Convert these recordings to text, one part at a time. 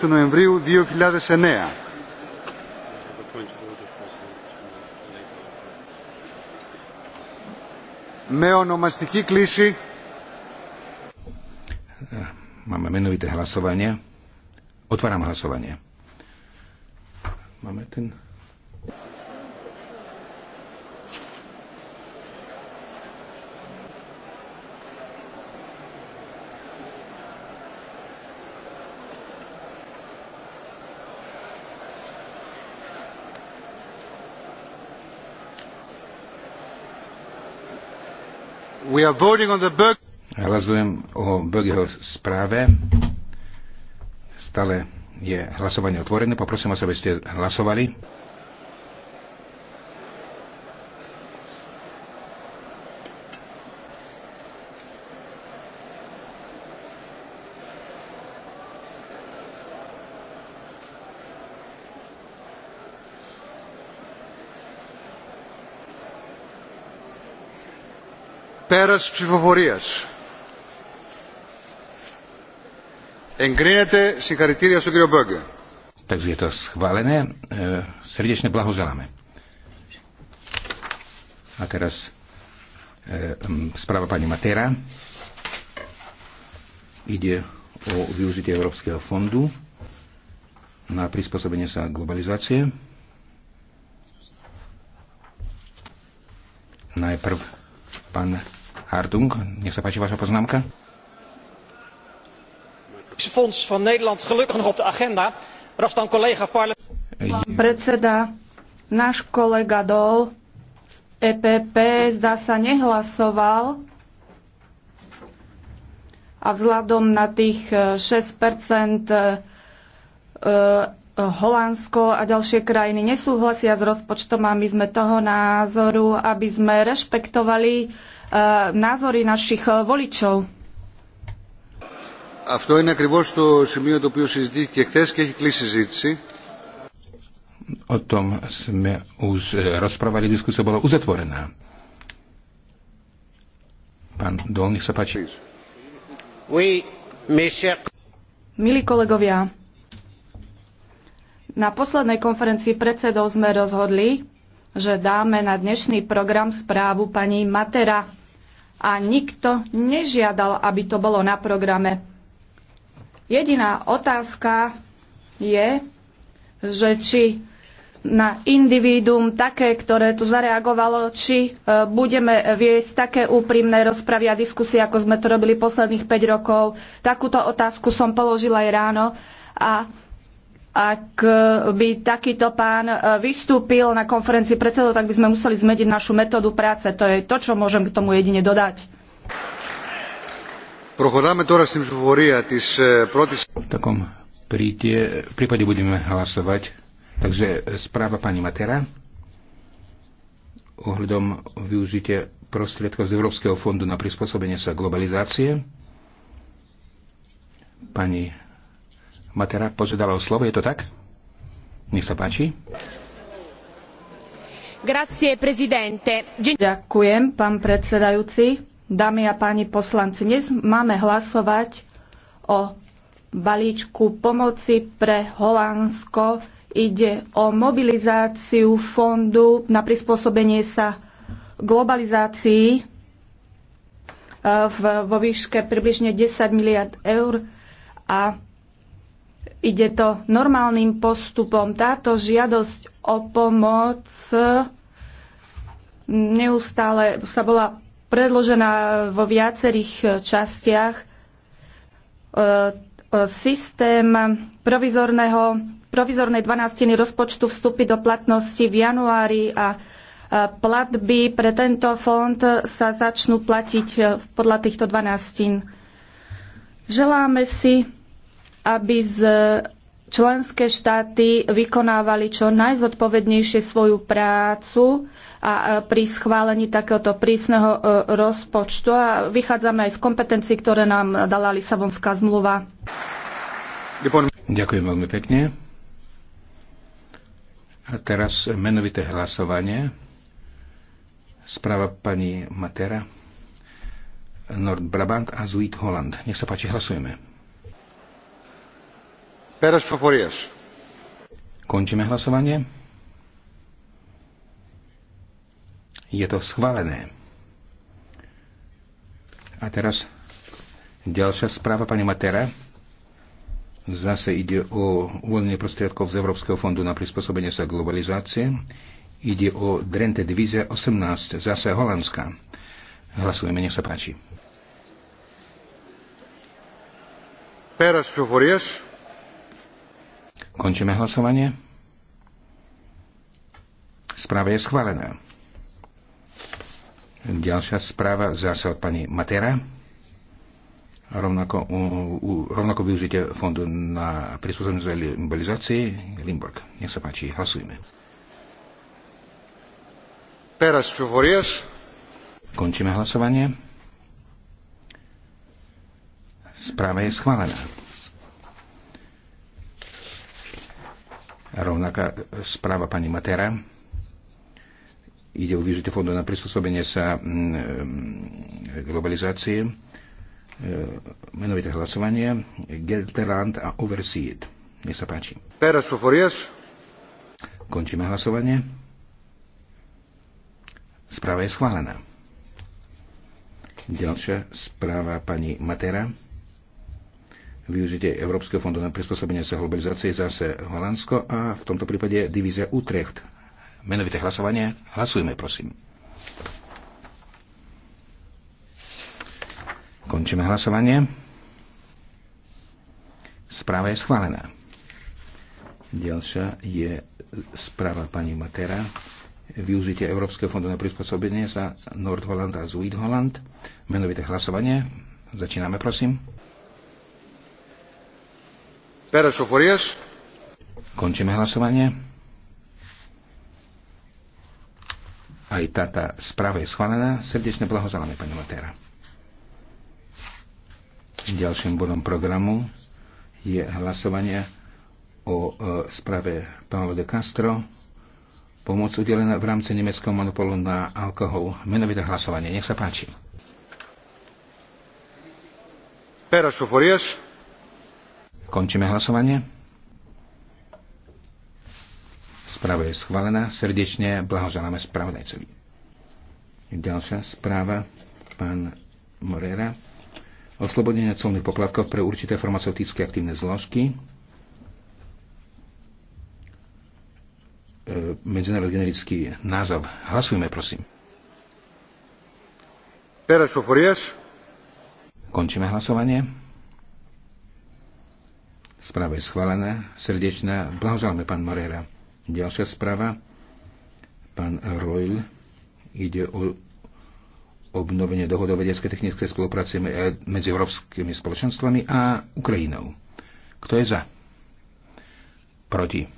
του Νοεμβρίου 2009. Με ονομαστική κλίση Máme menovité hlasovanie. Otváram hlasovanie. Máme ten Hlasujem o Bögeho správe. Stále je hlasovanie otvorené. Poprosím vás, aby ste hlasovali. Πέρας ψηφοφορίας. Εγκρίνεται συγχαρητήρια στον κύριο Μπόγκε. Takže je to schválené. E, srdečne blahoželáme. A teraz e, správa pani Matera. Ide o využitie Európskeho fondu na prispôsobenie sa globalizácie. Najprv pán Hartung, nech sa páči vaša poznámka. Fonds van Nederland gelukkig nog op de agenda. dan collega parlement... Pán predseda, náš kolega Dol z EPP zdá sa nehlasoval a vzhľadom na tých 6 eh, Holandsko a ďalšie krajiny nesúhlasia s rozpočtom a my sme toho názoru, aby sme rešpektovali e, názory našich e, voličov. Αυτό είναι ακριβώς το σημείο το οποίο συζητήθηκε χθε και έχει κλείσει συζήτηση. O tom sme už rozprávali, diskusia bola uzatvorená. Pán Dol, sa páči. Oui, mes chers... Milí kolegovia, na poslednej konferencii predsedov sme rozhodli, že dáme na dnešný program správu pani Matera a nikto nežiadal, aby to bolo na programe. Jediná otázka je, že či na individuum také, ktoré tu zareagovalo, či e, budeme viesť také úprimné rozpravy a diskusie, ako sme to robili posledných 5 rokov. Takúto otázku som položila aj ráno a ak e, by takýto pán e, vystúpil na konferencii predsedov, tak by sme museli zmeniť našu metódu práce. To je to, čo môžem k tomu jedine dodať. E, v takom príde, prípade budeme hlasovať. Takže správa pani Matera ohľadom využitia prostriedkov z Európskeho fondu na prispôsobenie sa globalizácie. Pani Matera požiadala o slovo, je to tak? Nech sa páči. Grazie, prezidente. Ďakujem, pán predsedajúci. Dámy a páni poslanci, dnes máme hlasovať o balíčku pomoci pre Holandsko. Ide o mobilizáciu fondu na prispôsobenie sa globalizácii e, v, vo výške približne 10 miliard eur a Ide to normálnym postupom. Táto žiadosť o pomoc neustále sa bola predložená vo viacerých častiach. E, e, systém provizorného, provizornej 12 rozpočtu vstúpi do platnosti v januári a e, platby pre tento fond sa začnú platiť podľa týchto 12. Želáme si aby z členské štáty vykonávali čo najzodpovednejšie svoju prácu a pri schválení takéhoto prísneho e, rozpočtu. A vychádzame aj z kompetencií, ktoré nám dala Lisabonská zmluva. Ďakujem veľmi pekne. A teraz menovité hlasovanie. Správa pani Matera, Nord Brabant a Zuid Holland. Nech sa páči, hlasujeme. Končíme hlasovanie. Je to schválené. A teraz ďalšia správa pani Matera. Zase ide o uvoľnenie prostriedkov z Európskeho fondu na prispôsobenie sa globalizácie. Ide o Drente Divízia 18, zase Holandská. Hlasujeme, nech sa páči. Peras Fuforias. Končíme hlasovanie. Správa je schválená. Ďalšia správa zase od pani Matera. Rovnako, u, u, rovnako využite fondu na prispôsobenie za mobilizácii Limburg. Nech sa páči, hlasujme. Peras Čuvorieš. Končíme hlasovanie. Správa je schválená. Rovnaká správa pani Matera. Ide o využitie fondu na prispôsobenie sa mm, e, globalizácie, e, menovité hlasovanie, Gelderland a Overseed. Nech sa páči. Pera Soforias. Končíme hlasovanie. Správa je schválená. Ďalšia správa pani Matera využitie Európskeho fondu na prispôsobenie sa globalizácie zase Holandsko a v tomto prípade divízia Utrecht. Menovité hlasovanie. Hlasujme, prosím. Končíme hlasovanie. Správa je schválená. Ďalšia je správa pani Matera. Využitie Európskeho fondu na prispôsobenie sa Nordholland a Zuidholland. Menovité hlasovanie. Začíname, prosím. Končíme hlasovanie. Aj táto správa je schválená. Srdečne blahozeláme, pani Matera. Ďalším bodom programu je hlasovanie o e, správe Paolo de Castro. Pomoc udelená v rámci nemeckého monopolu na alkohol. Menovité hlasovanie. Nech sa páči. Pera Šuforieš. Končíme hlasovanie. Správa je schválená. Srdečne blahoželáme spravodajcovi. Ďalšia správa, pán Morera. Oslobodenie colných poplatkov pre určité farmaceutické aktívne zložky. E, medzinárodný generický názov. Hlasujme, prosím. Končíme hlasovanie. Správa je schválená, srdečná. Blahoželáme, pán Morera. Ďalšia správa, pán Royl, ide o obnovenie dohod o vedeckej technickej spolupráci eh, medzi európskymi spoločenstvami a Ukrajinou. Kto je za? Proti.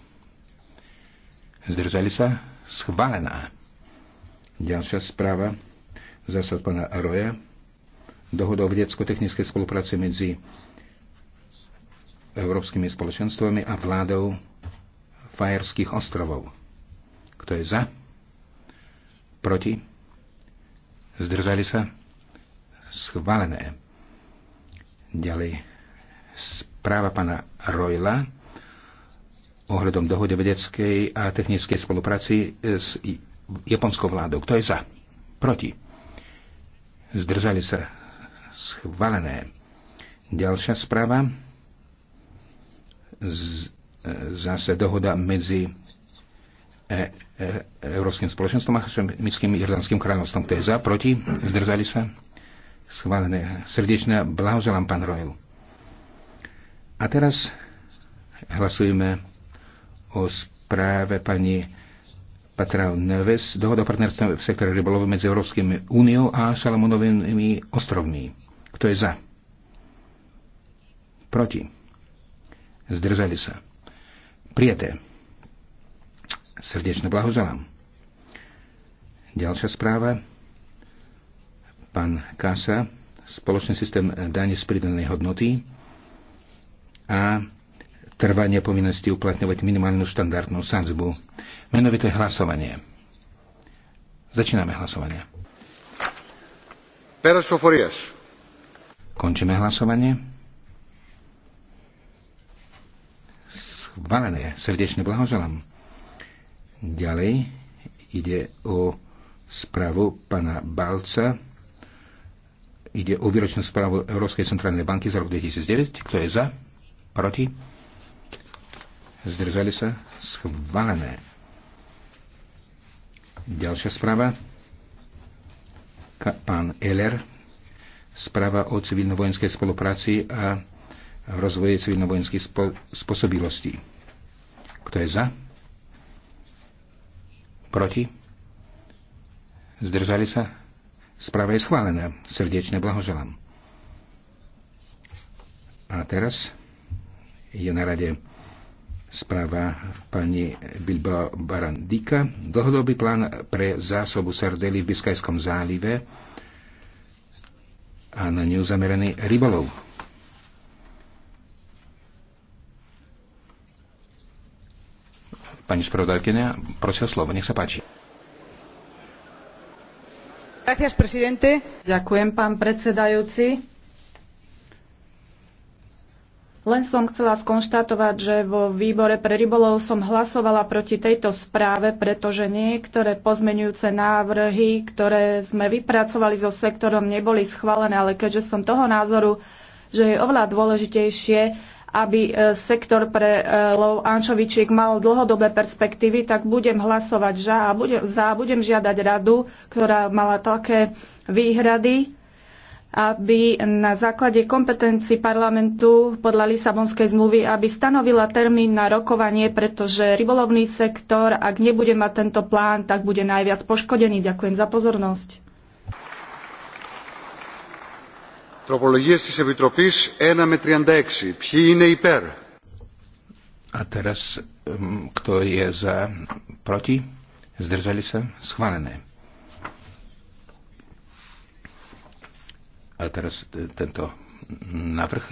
Zdržali sa? Schválená. Ďalšia správa, zásad pána Roja, dohoda o vedecko-technickej spolupráci medzi európskymi spoločenstvami a vládou Fajerských ostrovov. Kto je za? Proti? Zdržali sa? Schválené. Ďalej správa pana Rojla ohľadom dohode vedeckej a technickej spolupráci s japonskou vládou. Kto je za? Proti? Zdržali sa? Schválené. Ďalšia správa E, zase dohoda medzi e, e, Európskym spoločenstvom a Šemickým Irlandským kráľovstvom. Kto je za, proti, zdržali sa? Schválené. Srdečne blahoželám, pán Royal. A teraz hlasujeme o správe pani Patra Neves, dohoda o partnerstve v sektore rybolovu medzi Európskym úniou a Šalamunovými ostrovmi. Kto je za? Proti. Zdržali sa. Prijaté. Srdečne blahoželám. Ďalšia správa. Pán Kasa, spoločný systém dane z pridanej hodnoty a trvanie povinnosti uplatňovať minimálnu štandardnú sadzbu. Menovité hlasovanie. Začíname hlasovanie. Končíme hlasovanie. schválené. Srdečne blahoželám. Ďalej ide o správu pana Balca. Ide o výročnú správu Európskej centrálnej banky za rok 2009. Kto je za? Proti? Zdržali sa? Schválené. Ďalšia správa. Pán Eller. Správa o civilno-vojenskej spolupráci a v rozvoji civilno-vojenských spo- spôsobilostí. Kto je za? Proti? Zdržali sa? Správa je schválená. Srdečne blahoželám. A teraz je na rade správa pani Bilbao Barandika. Dlhodobý plán pre zásobu sardely v Biskajskom zálive a na ňu zameraný rybolov. Pani spravodajkynia, prosím slovo, nech sa páči. Gracias, presidente. Ďakujem, pán predsedajúci. Len som chcela skonštatovať, že vo výbore pre rybolov som hlasovala proti tejto správe, pretože niektoré pozmenujúce návrhy, ktoré sme vypracovali so sektorom, neboli schválené, ale keďže som toho názoru, že je oveľa dôležitejšie, aby e, sektor pre e, lov ančovičiek mal dlhodobé perspektívy, tak budem hlasovať za a budem, za, budem žiadať radu, ktorá mala také výhrady, aby na základe kompetencií parlamentu podľa Lisabonskej zmluvy, aby stanovila termín na rokovanie, pretože rybolovný sektor, ak nebude mať tento plán, tak bude najviac poškodený. Ďakujem za pozornosť. Τροπολογίες της Επιτροπής 1 με 36. Ποιοι είναι υπέρ. A teraz, kto je za, proti? Zdržali sa? Schválené. A teraz e, tento návrh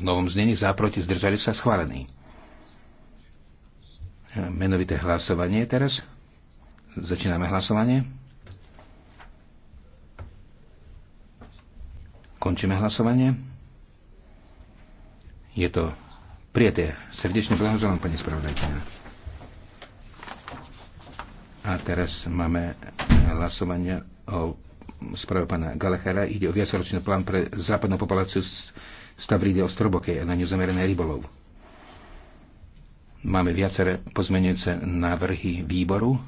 v novom znení za, proti, zdržali sa? Schválený. E, menovité hlasovanie teraz. Začíname hlasovanie. Končíme hlasovanie. Je to prijaté. Srdečne blahoželám, pani spravodajkyňa. A teraz máme hlasovanie o správe pána Galechera. Ide o viacročný plán pre západnú populáciu Stavridy Ostrobokej a na ňu zamerané rybolov. Máme viaceré pozmenujúce návrhy výboru.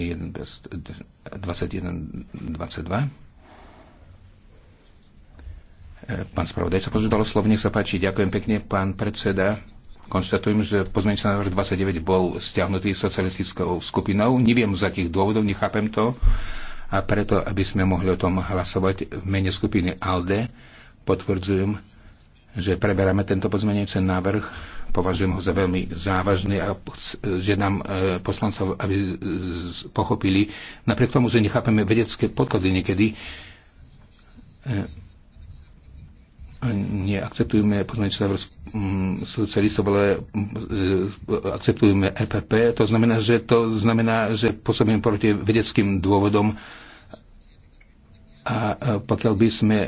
21, 22. E, pán spravodajca požiadal slovo, nech sa páči. Ďakujem pekne, pán predseda. Konštatujem, že pozmeňujúci návrh 29 bol stiahnutý socialistickou skupinou. Neviem z akých dôvodov, nechápem to. A preto, aby sme mohli o tom hlasovať v mene skupiny ALDE, potvrdzujem, že preberáme tento pozmeňujúci návrh Považujem ho za veľmi závažný a že nám poslancov, aby pochopili, napriek tomu, že nechápeme vedecké podklady niekedy, e, neakceptujeme pozmeňujúci návrh socialistov, ale e, akceptujeme EPP. To znamená, že to znamená, že pôsobíme proti vedeckým dôvodom a e, pokiaľ by sme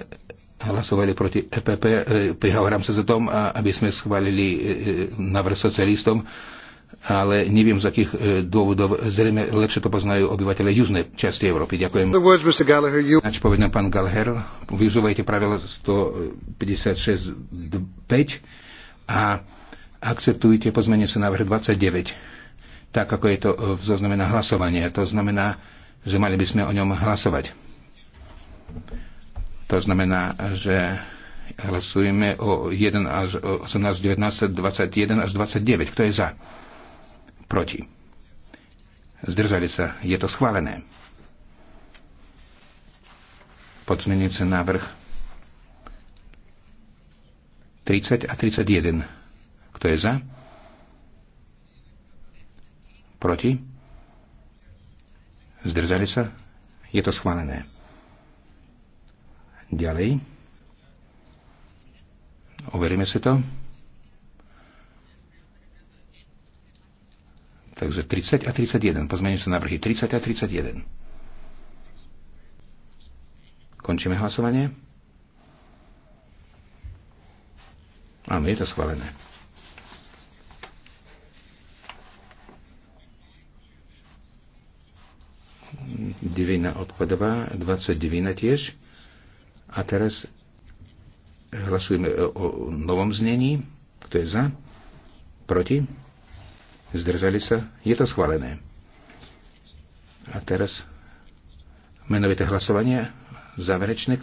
hlasovali proti EPP. E, prihovorám sa za tom, aby sme schválili e, e, návrh socialistom, ale neviem z akých dôvodov. Zrejme lepšie to poznajú obyvateľe južnej časti Európy. Ďakujem. Nač povedal pán Gallagher, využívajte pravidlo 156.5 a akceptujte pozmenie sa návrh 29, tak ako je to v zozname na hlasovanie. To znamená, že mali by sme o ňom hlasovať. To znamená, že hlasujeme o 1 až 18, 19, 21 až 29. Kto je za? Proti. Zdržali sa. Je to schválené. Podmenujúci návrh 30 a 31. Kto je za? Proti? Zdržali sa? Je to schválené. Ďalej. Overíme si to. Takže 30 a 31. Pozmením sa návrhy 30 a 31. Končíme hlasovanie. Áno, je to schválené. Divina odpadová, 29 tiež. A teraz hlasujeme o, novom znení. Kto je za? Proti? Zdržali sa? Je to schválené. A teraz menovité hlasovanie. Záverečné.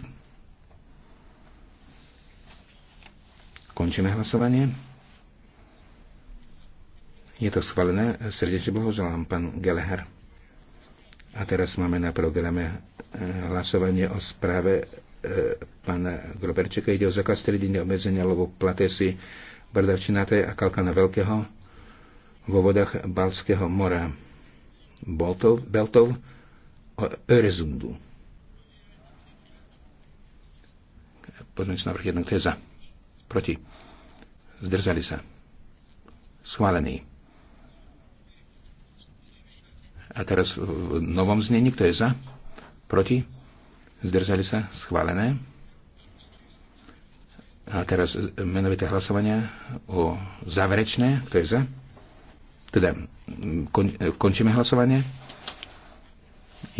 Končíme hlasovanie. Je to schválené. Srdečne blahoželám, pán Geleher. A teraz máme na programe eh, hlasovanie o správe E, pána Groberčeka. Ide o zákaz stredenia obmedzenia alebo platesy brdavčinaté a kalkana veľkého vo vodách Balského mora. Boltov, Beltov o Örezundu. Poďme si jednak, to je za. Proti. Zdržali sa. Schválený. A teraz v novom znení, kto je za? Proti? Zdržali sa? Schválené. A teraz menovité hlasovania o záverečné. Kto je za? Teda kon, končíme hlasovanie.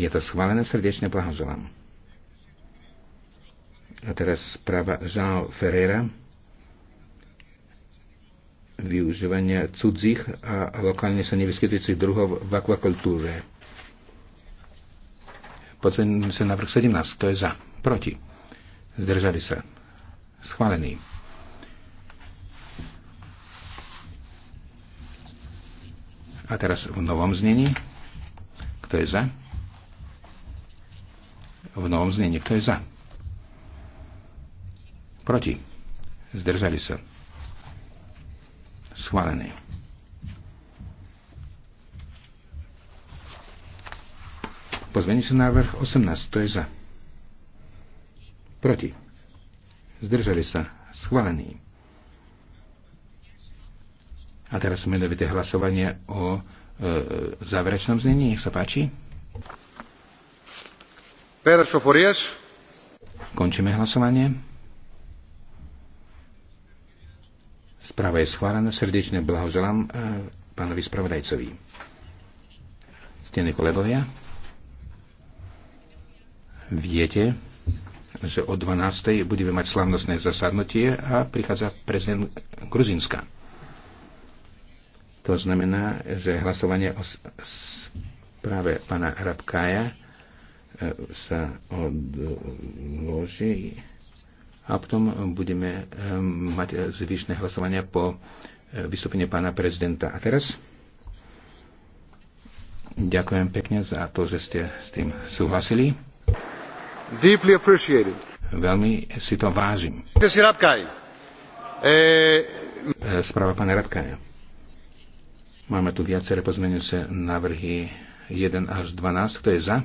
Je to schválené. Srdečne blahoželám. A teraz správa Jean Ferreira Využívanie cudzích a lokálne sa nevyskytujúcich druhov v akvakultúre na vrch 17. Kto je za? Proti. Zdržali sa. Schválený. A teraz v novom znení. Kto je za? V novom znení. Kto je za? Proti. Zdržali sa. Schválený. sa návrh 18. To je za. Proti. Zdržali sa. Schválený. A teraz menovité hlasovanie o e, záverečnom znení. Nech sa páči. Končíme hlasovanie. Správa je schválená. Srdečne blahoželám e, pánovi spravodajcovi. Stene kolegovia. Viete, že o 12. budeme mať slavnostné zasadnutie a prichádza prezident Gruzinska. To znamená, že hlasovanie o správe pána Hrabkája e, sa odloží a potom budeme e, mať zvyšné hlasovania po e, vystúpení pána prezidenta. A teraz ďakujem pekne za to, že ste s tým súhlasili deeply appreciated. Veľmi si to vážim. Eh, eh, správa pána Rabkaja. Máme tu viaceré pozmeňujúce návrhy 1 až 12. Kto je za?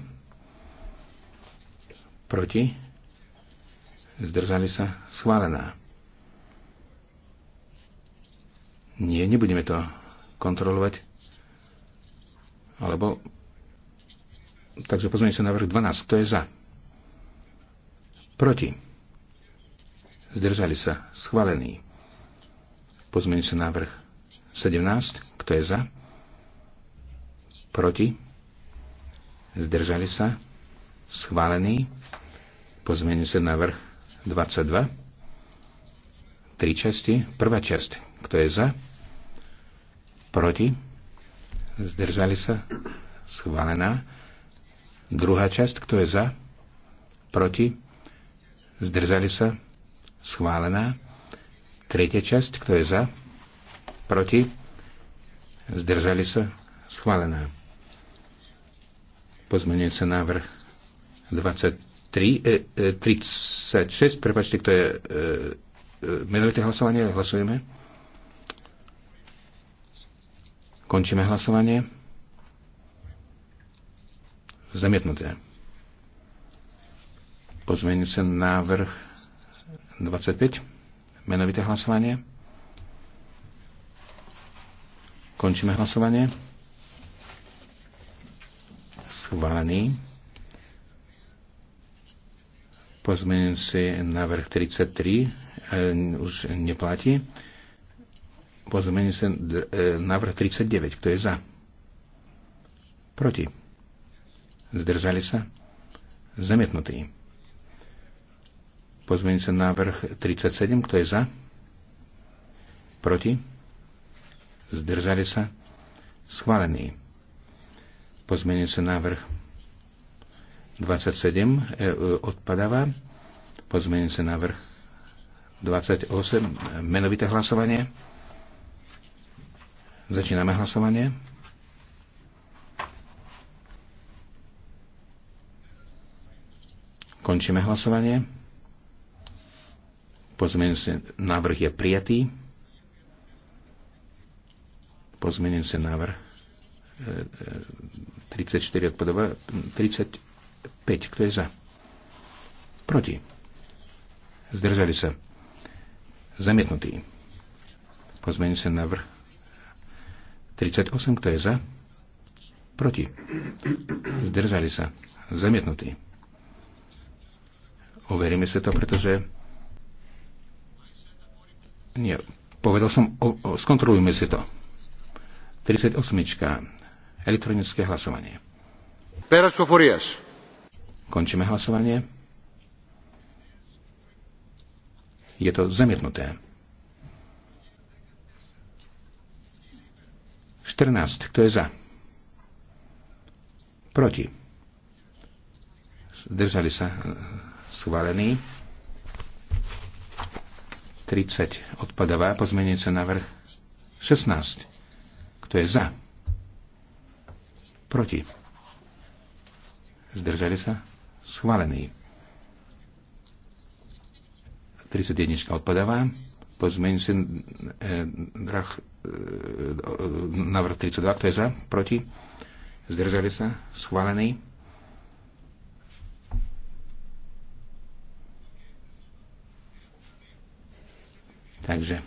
Proti? Zdržali sa? Schválená. Nie, nebudeme to kontrolovať. Alebo... Takže pozmeňujúce návrh 12. Kto je za? Proti. Zdržali sa. Schválený. sa návrh 17. Kto je za? Proti. Zdržali sa. Schválený. sa návrh 22. Tri časti. Prvá časť. Kto je za? Proti. Zdržali sa. Schválená. Druhá časť. Kto je za? Proti Zdržali sa? Schválená. Tretia časť. Kto je za? Proti? Zdržali sa? Schválená. sa návrh 23, e, e, 36. Prepačte, kto je e, e, menovité hlasovanie? Hlasujeme. Končíme hlasovanie. Zamietnuté pozmeňujúce návrh 25. Menovité hlasovanie. Končíme hlasovanie. Schválený. Pozmeňujúci návrh 33 e, už neplatí. Pozmeňujúci e, návrh 39. Kto je za? Proti. Zdržali sa? Zamietnutý. Pozmeňujúci návrh 37, kto je za? Proti? Zdržali sa? Schválený. sa návrh 27 e, e, odpadáva. Pozmeňujúci návrh 28, menovité hlasovanie. Začíname hlasovanie. Končíme hlasovanie. Pozmeňujúci návrh je prijatý. Pozmeňujúci návrh 34 e, e, odpadová. 35. Kto je za? Proti. Zdržali sa. Zamietnutý. Pozmeňujúci návrh 38. Kto je za? Proti. Zdržali sa. Zamietnutý. Overíme sa to, pretože nie, povedal som, o, o, skontrolujme si to. 38. Elektronické hlasovanie. Pérez Foforias. Končíme hlasovanie. Je to zamietnuté. 14. Kto je za? Proti. Zdržali sa e, schválení. 30 odpadáva, pozmenujúci návrh 16. Kto je za? Proti. Zdržali sa? Schválený. 31 odpadáva, pozmenujúci návrh, návrh 32. Kto je za? Proti. Zdržali sa? Schválený. Takže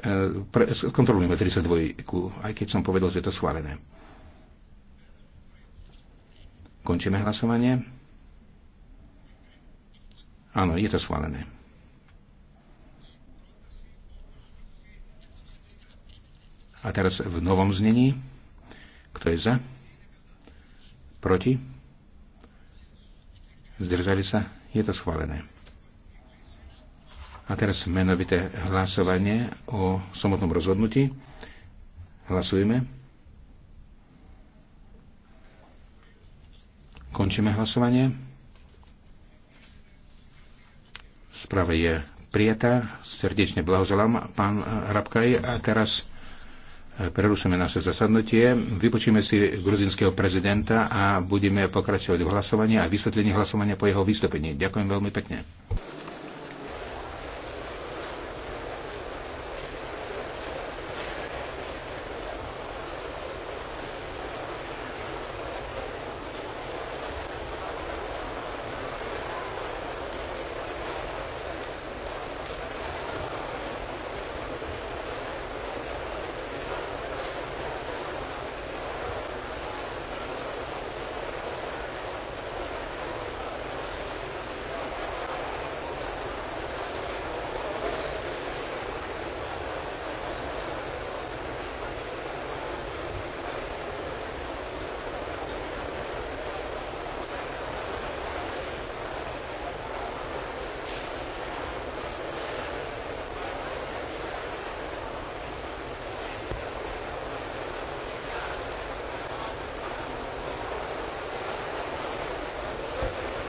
e, skontrolujeme 32, aj keď som povedal, že je to schválené. Končíme hlasovanie. Áno, je to schválené. A teraz v novom znení. Kto je za? Proti? Zdržali sa? Je to schválené. A teraz menovité hlasovanie o samotnom rozhodnutí. Hlasujeme. Končíme hlasovanie. Správa je prijatá. Srdečne blahoželám, pán Rabkaj. A teraz eh, prerušujeme naše zasadnutie. Vypočíme si gruzinského prezidenta a budeme pokračovať v hlasovaní a vysvetlení hlasovania po jeho vystúpení. Ďakujem veľmi pekne.